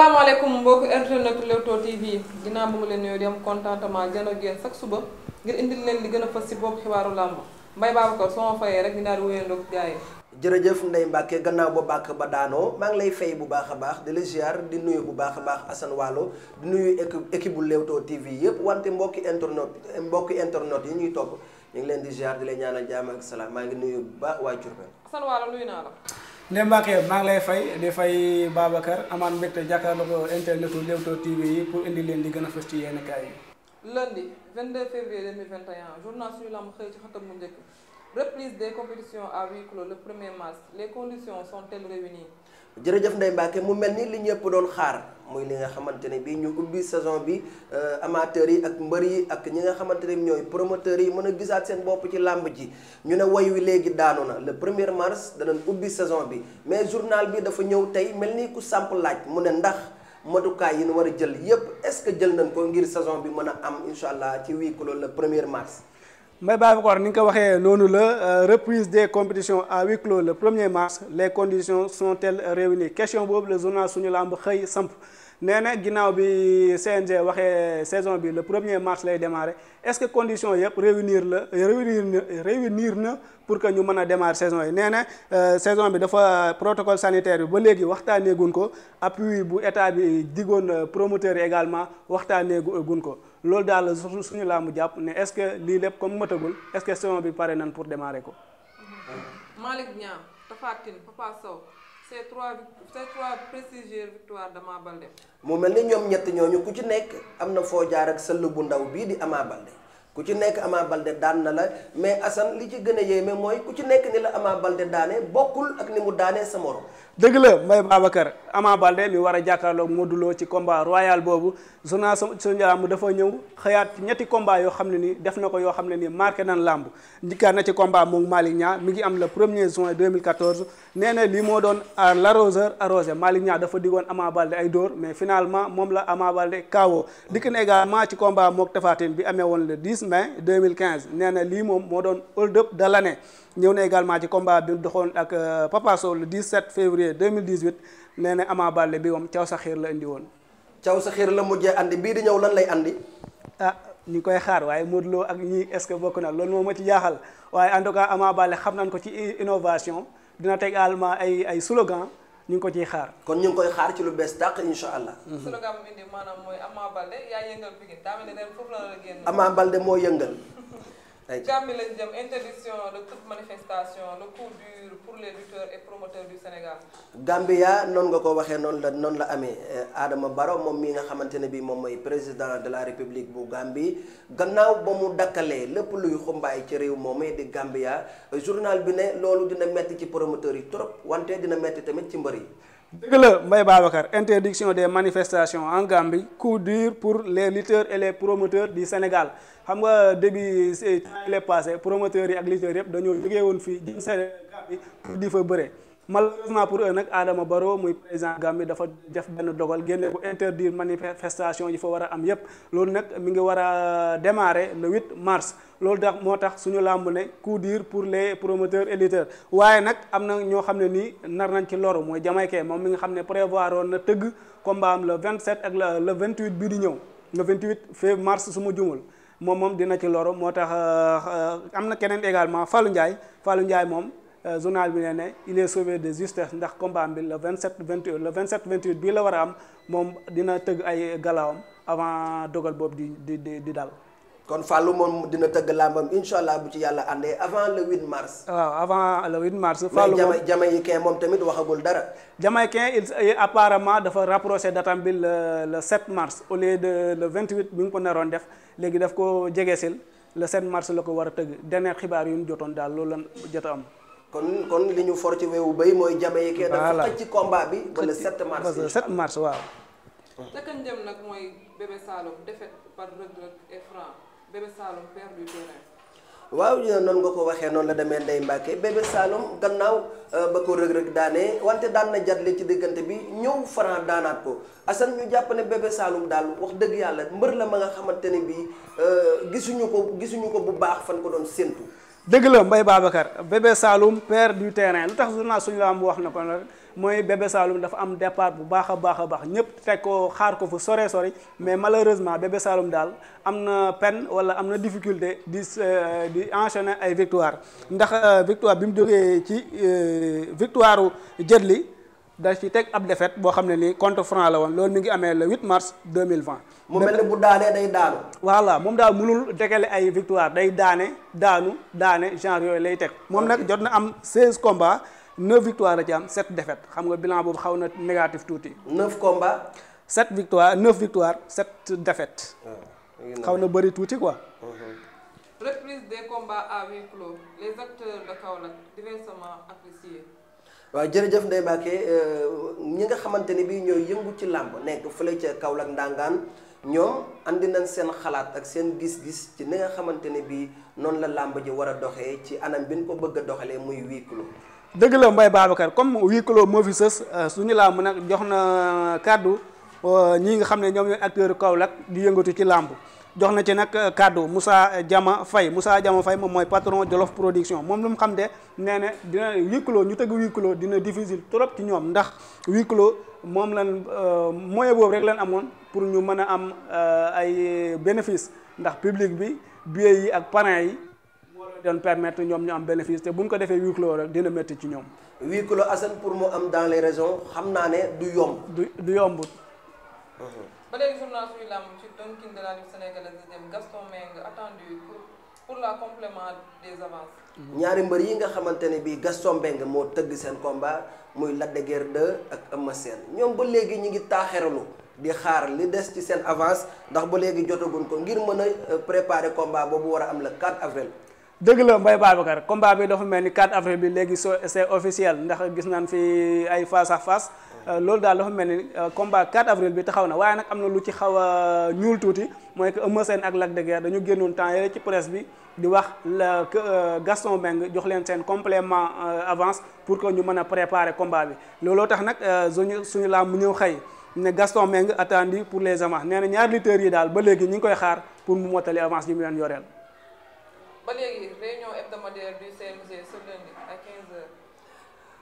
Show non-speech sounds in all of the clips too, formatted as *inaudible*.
salaamaaleykum mbokki internet Leewtoo TV ginnaaw bu mu leen nuyoo di am contentement gën ak yéen chaque suba ngir indil leen li gën a fës si bopp xibaaru làmb Mbaye Babacar soo ma fayee rek ñu daal di wéyandoog gars yi. jërëjëf nday Mbacke gannaaw ba bàkk ba daanoo maa ngi lay fay bu baax a baax di la ziar di nuyu bu baax a baax Assane Waalo di nuyu équipe bu Leewtoo TV yëpp wante mbokki internet mbokki internet yi ñuy topp ñu ngi leen di ziar di lay ñaanal jaam ak maa ngi nuyu bu baax waa Diourbel. Assane Waalo nuyu naa Ndeye Mbacke maa ngi lay fay di fay Babacar amaan mbégte jàkkaarloo ko internetu Leewtoo TV yi pour indi leen li gën a fës ci yenn kaay yi. lundi 22 février 2021 journal suñu lamb xëy ci xëtam mu njëkk reprise des compétitions à huis clos le 1er mars les conditions sont-elles réunies. jërëjëf Ndeye Mbacke mu mel ni li ñëpp doon xaar muy li nga xamante ne bii ñu ubbi saison bi euh, amateurs yi ak mbër yi ak ñi nga xamante ne ñooy promoteurs yi mën a gisaat seen bopp ci làmb ji ñu ne way wi léegi daanu na le première mars danañ ubbi saison bi mais journal bi dafa ñëw tey mel nii ku samp laaj mu ne ndax matukaay yi nu war a jël yépp est-ce que jël nañ ko ngir saison bi mën a am incha allah ci wii loolu le premier mars. Mbaye Babacar ni nga ko waxee noonu la euh, reprise des compétitions à huis clos la premier mars les conditions sont-elles réunies question boobu le journal suñu lamb xëy samp nee na ginnaaw bi CNG waxee saison bi le premier er mars lay démarrer est-ce que condition yëpp réunir la réunir na réunir na pour que ñu mën a demaar saison yi nee na euh, saison bi dafa protocole sanitaire bi ba léegi waxtaaneegun ko appui bu état bi digoon euh, promoteur yi également waxtaaneegun ko. loolu daal la suñu làmb jàpp ne est-ce que lii lépp comme mëtagul est-ce que saison bi pare nañ pour démarrer ko. Malick Niang Tapha Tine Papa Sow ces trois ces trois prestigieuses victoires d'Ama Baldé. mu mel ni ñoom ñett ñooñu ku ci nekk am na foo jaar ak sëll bu ndaw bii di Ama Baldé ku ci nekk Ama balde daan na la mais assan li ci gën a mais mooy ku ci nekk ni la Ama balde daane bokkul ak ni mu daanee sa morom dëgg la Mbaye Babacar Ama Baldé mi war a jàkkaarloog Modou Lo ci combat royal boobu journal suñu làmb dafa ñëw xëyaat ci ñetti combat yoo xam ne nii def na ko yoo xam ne nii marqué nan làmb njëkkaat na ci combat moom Malick Niang mi ngi am le premier juin 2014 nee na lii moo doon l'arroseur arrosé Malick Niang dafa diggoon Ama Baldé ay dóor mais finalement moom la Ama Baldé KO dikk na également ci combat mook Tapha Tine bi amee woon le 10 mai nee lii moom moo doon hold up de l'année ñëw na également ci combat bi doxoon ak euh, Papa Sow le 17 février février 2018 nee na Ama Baldé bi moom caw sa xiir la indi woon. caw sa xiir la mujjee andi bii di ñëw lan lay andi. ah ñu ngi koy xaar waaye Modou loo ak ñii est-ce que bokk na loolu moom ma ci jaaxal waaye en tout cas Ama Baldé xam nañ ko ci innovation dina teg également ay ay slogan ñu ngi ko ciy xaar. kon ñu ngi koy xaar ci lu bees tàq incha allah. Mm-hmm. slogan bi indi mooy Ama Baldé yaa yëngal moo yëngal. *laughs* pour les Gambia noonu nga ko waxee noonu la noonu la amee aadama eh, Barrow moom mii nga xamante ne bii moom mooy président de la république bu Gambie gannaaw ba mu dakkalee lépp luy xumbaay ci réew moomee di Gambia journal bi ne loolu dina metti ci promoteurs yi trop wante dina metti tamit ci mbër yi. dëgg la Mbaye Babacar interdiction des manifestation en Gambie coup dur pour les lutteurs et les promoteurs du Sénégal xam nga début temps yi passé promoteurs yi ak lutteurs yëpp dañoo jógee woon fii jëm Sénégal di fa bëre malheureusement pour eux nag Adama Barrow muy président Gambie dafa def benn dogal génne bu interdire manifestation yi fa war a am yépp loolu nag mi ngi war a démarrer le 8 mars loolu tax moo tax suñu làmb ne coup dur pour les promoteurs et lutteurs waaye nag am na ñoo xam ne nii nar nañ ci loru mooy Jamaïcain moom mi nga xam ne prévoir woon na tëgg combat am le 27 ak le 28 bii di ñëw le 28 février mars su ma jumul moom moom dina ci loru moo tax euh, euh, am na keneen également Fallou Ndiaye Fallou Ndiaye moom. Euh, journal bi nee ne il est sauvé de justesse ndax combat bi le la vingt le 27 28 bii la war a am moom dina tëgg ay galawam avant dogal boobu di di di dal. kon Fallou moom dina tëgg làmbam incha allah bu ci yàlla àndee avant le 8 mars. waaw avant le 8 mars. Fallou moom mais moom tamit waxagul dara. jamaïcain il apparemment dafa rapproché datam bi le le mars au lieu de vingt 28 bi nga ko naroon def léegi daf ko jegesil le 7 mars la ko war a tëgg dernier xibaar yu ñu jotoon daal loolu la jot kon kon li ñu for ci weewu bay mooy Jamaïque dafa xëcc ci combat bi ba le 7 mars ba le mars waaw. te kañ nag mooy Bébé Saloum défaite par Reug Reug et Franc Bébé Saloum perd du waaw noonu nga ko waxee noonu la demee Ndeye Mbacke Bébé Saloum gannaaw euh, ba ko Reug Reug daanee wante daan na jatle ci diggante bi ñëw Franc daanaat ko assan ñu jàpp ne Bébé Saloum daal wax dëgg yàlla mbër la ma nga xamante ne bii euh, gisuñu ko gisuñu ko bu baax fan ko doon séntu. dëgg la mbay Babacar Bébé Saloum père du terrain lu tax journal suñu lamb wax na ko nag mooy Bébé Saloum dafa am départ bu baax a baax a baax ñëpp teg ko xaar ko fu sore sori mais malheureusement Bébé Saloum daal am na peine wala am na difficulté di euh, di enchaîner ay victoire ndax euh, victoire bi mu jógee ci euh, victoire u li da ci teg ab défaite boo xam ne nii conte franc la woon loolu mi ngi amee le 8 mars 2020. mu mel ne bu daanee day daanu. voilà moom daal mënul degale ay victoire day daane daanu daane genre yooyu lay teg. moom nag jot na am 16 combats 9 victoire la ci am 7 défaites xam nga bilan boobu xaw na négatif tuuti. 9 combats. 7 victoire 9 victoire 7 défaites. Ah, xaw na bëri tuuti quoi. reprise des combats à huis les acteurs de Kaolack diversement appréciés. waaw jërëjëf Ndeye Mbacke euh, ñi nga xamante ni bii ñooy yëngu ci làmb nekk fële ca Kaolack Ndangaan ñoom andi nañ seen xalaat ak seen gis-gis ci ni nga xamante ne bii noonu la làmb ji war a doxee ci anam bi ñu ko bëgg a doxalee muy huis clos. dëgg la mbay Babacar comme huis kilo moo fi sës euh, suñu làmb nag jox na euh, kàddu ñii nga xam ne ñoom ñooy acteurs Kaolack di yëngatu ci làmb. jox na ci nag euh, kàddu musaa jama euh, fay Moussa Diama fay moom mooy patron Jolof Production moom lu mu xam de nee na dina huis ñu tëgg huis dina difficile trop ci ñoom ndax huis clos moom lan euh, moyen boobu rek lan amoon pour ñu mën a am ay bénéfice ndax public bi billets yi ak parents yi moo doon permettre ñoom ñu am bénéfice te bu ñu ko defee huis clos rek dina métti ci ñoom. huis clos Assane pour mu am dans les régions xam naa ne du yomb. du du yombut. ba léegi journal suñu làmb ci donkin de la lutte sénégalaise dem Gaston Mbengue attendu pour pour la complément des avances. Mm-hmm. ñaari mbër yi nga xamante ne bii Gaston Mbengue moo tëgg seen combat muy Lac de Guiers 2 ak Eumeu Sène ñoom ba léegi ñu ngi taaxeralu di xaar li des ci seen avance ndax ba léegi jotaguñ ko ngir mën a euh, préparer combat boobu war a am le 4 avril. dëgg la Mbaye Babacar combat bi dafa mel ni 4 avril bi léegi soo c'est officiel ndax gis naan fi ay face à face. Euh, loolu daal dafa mel ni euh, combat 4 avril bi taxaw na waaye nag am na lu ci xaw a euh, ñuul tuuti mooy que Eumeu Sène ak Lac de dañu génnoon temps yële ci presse bi di wax la Gaston Mbengue jox leen seen complément avance pour que ñu mën a préparer combat bi looloo tax nag suñu suñu laam mu ñëw xëy ne Gaston Mbengue attendu pour les avances nee na ñaari yi daal ba léegi ñu ngi koy xaar pour mu mottali avance yi mu leen yoreel. ba léegi réunion hebdomadaire du CNG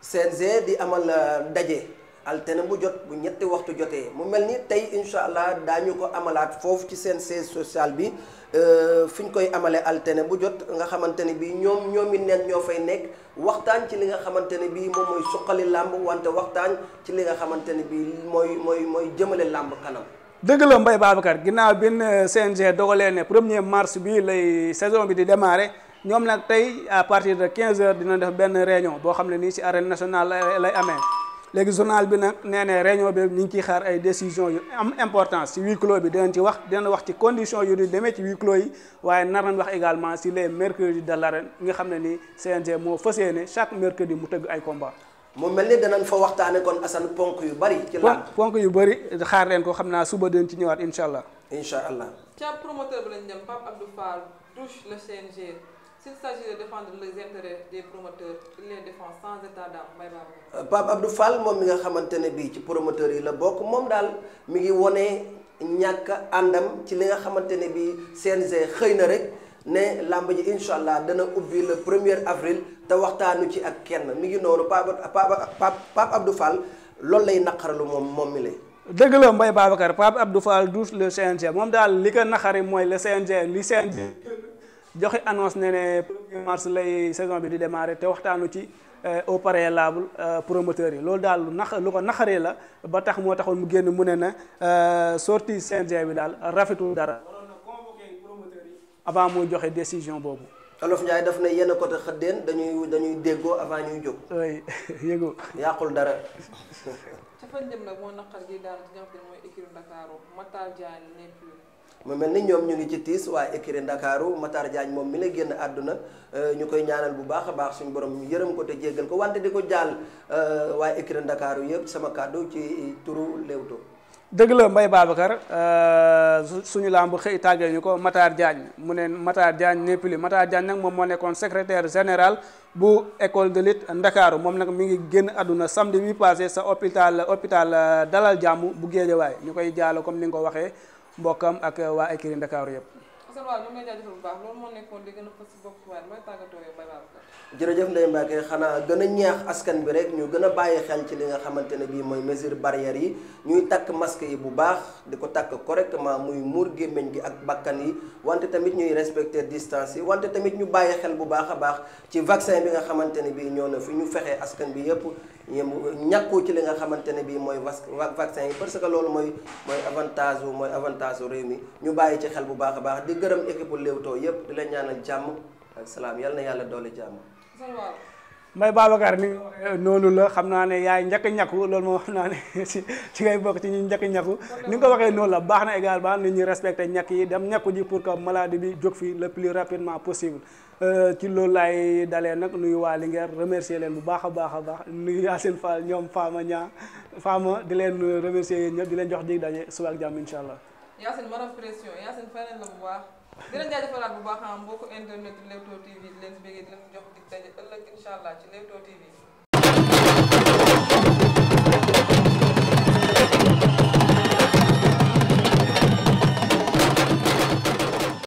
ce altene bu jot bu ñetti waxtu jotee mu mel ni tey incha allah daañu ko amalaat foofu ci seen siège sociale bi euh, fi ñu koy amalee altene bu jot nga xamante ne bii ñoom ñoomi neen ñoo fay nekk waxtaan ci li nga xamante ne bii moom mooy làmb wante waxtaan ci li nga xamante ne bii mooy mooy mooy jëmale làmb kanam. dëgg la mbay Babacar ginnaaw bin euh, CNG dogalee ne premier mars bi lay saison bi di démarrer ñoom nag tey à partir de 15 heures dina def benn réunion boo xam ne nii ci arène nationale lay amee. léegi journal bi nag nee ne réunion bi ñu ngi xaar ay décision yu am importance ci huis clos bi dinañ ci wax dinañ wax ci condition yu di demee ci huis clos yi waaye nar wax également si les mercredis de nga xam ne ni CNG moo fas ne chaque mercredi mu tëgg ay combat mu mel ni danañ fa waxtaane kon Assane ponk yu bari ci làmb ponk yu bari xaar leen ko xam naa suba dinañ ci ñëwaat incha allah incha allah ca S'il s'agit de défendre les intérêts des promoteurs, il les défend sans état d'âme. moom mi nga xamante ne bii ci promoteurs yi la bokk moom daal mi ngi wone ñàkk àndam ci li nga xamante ne bii CNG xëy na rek ne làmb ji incha allah dana ubbi le premier avril te waxtaanu ci ak kenn mi ngi noonu Pape Pape Pape Abdou loolu lay naqaralu moom moom mi lay. dëgg la Mbaye Babacar Pape Abdou Fall douce CNG moom daal li ko naqari mooy le CNG li CNG. joxe annonce ne ne premier mars lay saison bi di démarrer te waxtaanu ci euh, au préalable euh, promoteur yi loolu daal lu nax lu ko naxaree la ba tax moo taxoon mu génn mu ne na sorti euh, sortie CNG bi daal rafetul dara. waroon na avant muy joxe décision boobu. Olof Ndiaye daf ne yenn côté xëddeen dañuy dañuy déggoo avant ñuy jóg. oui *laughs* yëgoo. yàqul dara. *laughs* ca fan dem mu mel ni ñoom ñu ngi ci tiis waa écurie Ndakaaru mataar jaañ moom mi la génn àdduna euh, ñu koy ñaanal bu baax a baax suñu borom yërëm ko te jéggal ko wante di ko jaal euh, waa écurie Ndakaaru yëpp sama kàddu ci turu Leewtoo. dëgg la Mbaye Babacar euh, suñu làmb xëy tàggee ñu ko Matar Diagne mu ne Matar Diagne n'est plus Matar Diagne moom moo nekkoon secrétaire général bu école de Ndakaaru moom nag mi ngi génn àdduna samedi bi passé sa hôpital hôpital Dalal Jàmm bu Géejawaay ñu koy jaaloo comme ni nga ko waxee. mbokkam ak waa ay këri Ndakaaru yëpp. jërëjëf Ndeye Mbacke xanaa gën a ñaax askan bi rek ñu gën a bàyyi xel ci li nga xamante ne bii mooy mesure barrière yi ñuy takk masque yi bu baax di ko takk correctement muy muur gémmiñ gi ak bakkan yi wante tamit ñuy respecter distance yi wante tamit ñu bàyyi xel bu baax a baax ci vaccin bi nga xamante ne bii ñoo na fi ñu fexe askan bi yëpp. yéem ñàkkoo ci li nga xamante ne bii mooy vas vaccin yi parce que loolu mooy mooy avantage wu mooy avantage réew mi ñu bàyyi ci xel bu baax a baax di gërëm équipe Leewtoo yépp di la ñaanal jàmm ak salaam yàlla na yàlla doole jàmm. Mbaye Babacar ni noonu la xam naa ne yaay njëkk ñakku loolu moom xam naa ne si *laughs* ci ngay bokk ci ñu njëkk ñakku ni nga ko waxee noonu la baax na également nit ñi respecté ñàkk yi dem ñakku ji pour que maladie bi jóg fii le plus rapidement possible euh, ci loolu laay dalee nag nuyu waa Linguère remercier leen bu baax a baax a baax nuyu Yacine Fall ñoom Fama ñaa Fama di leen remercier yéen ñëpp di leen jox dig daje suba ak jàmm incha allah. Yacine di leen jaajëfalaat bu baax mbokku internet Leewtoo TV di leen si bëggee di leen jox dig daje ëllëg incha allah ci Leewtoo TV.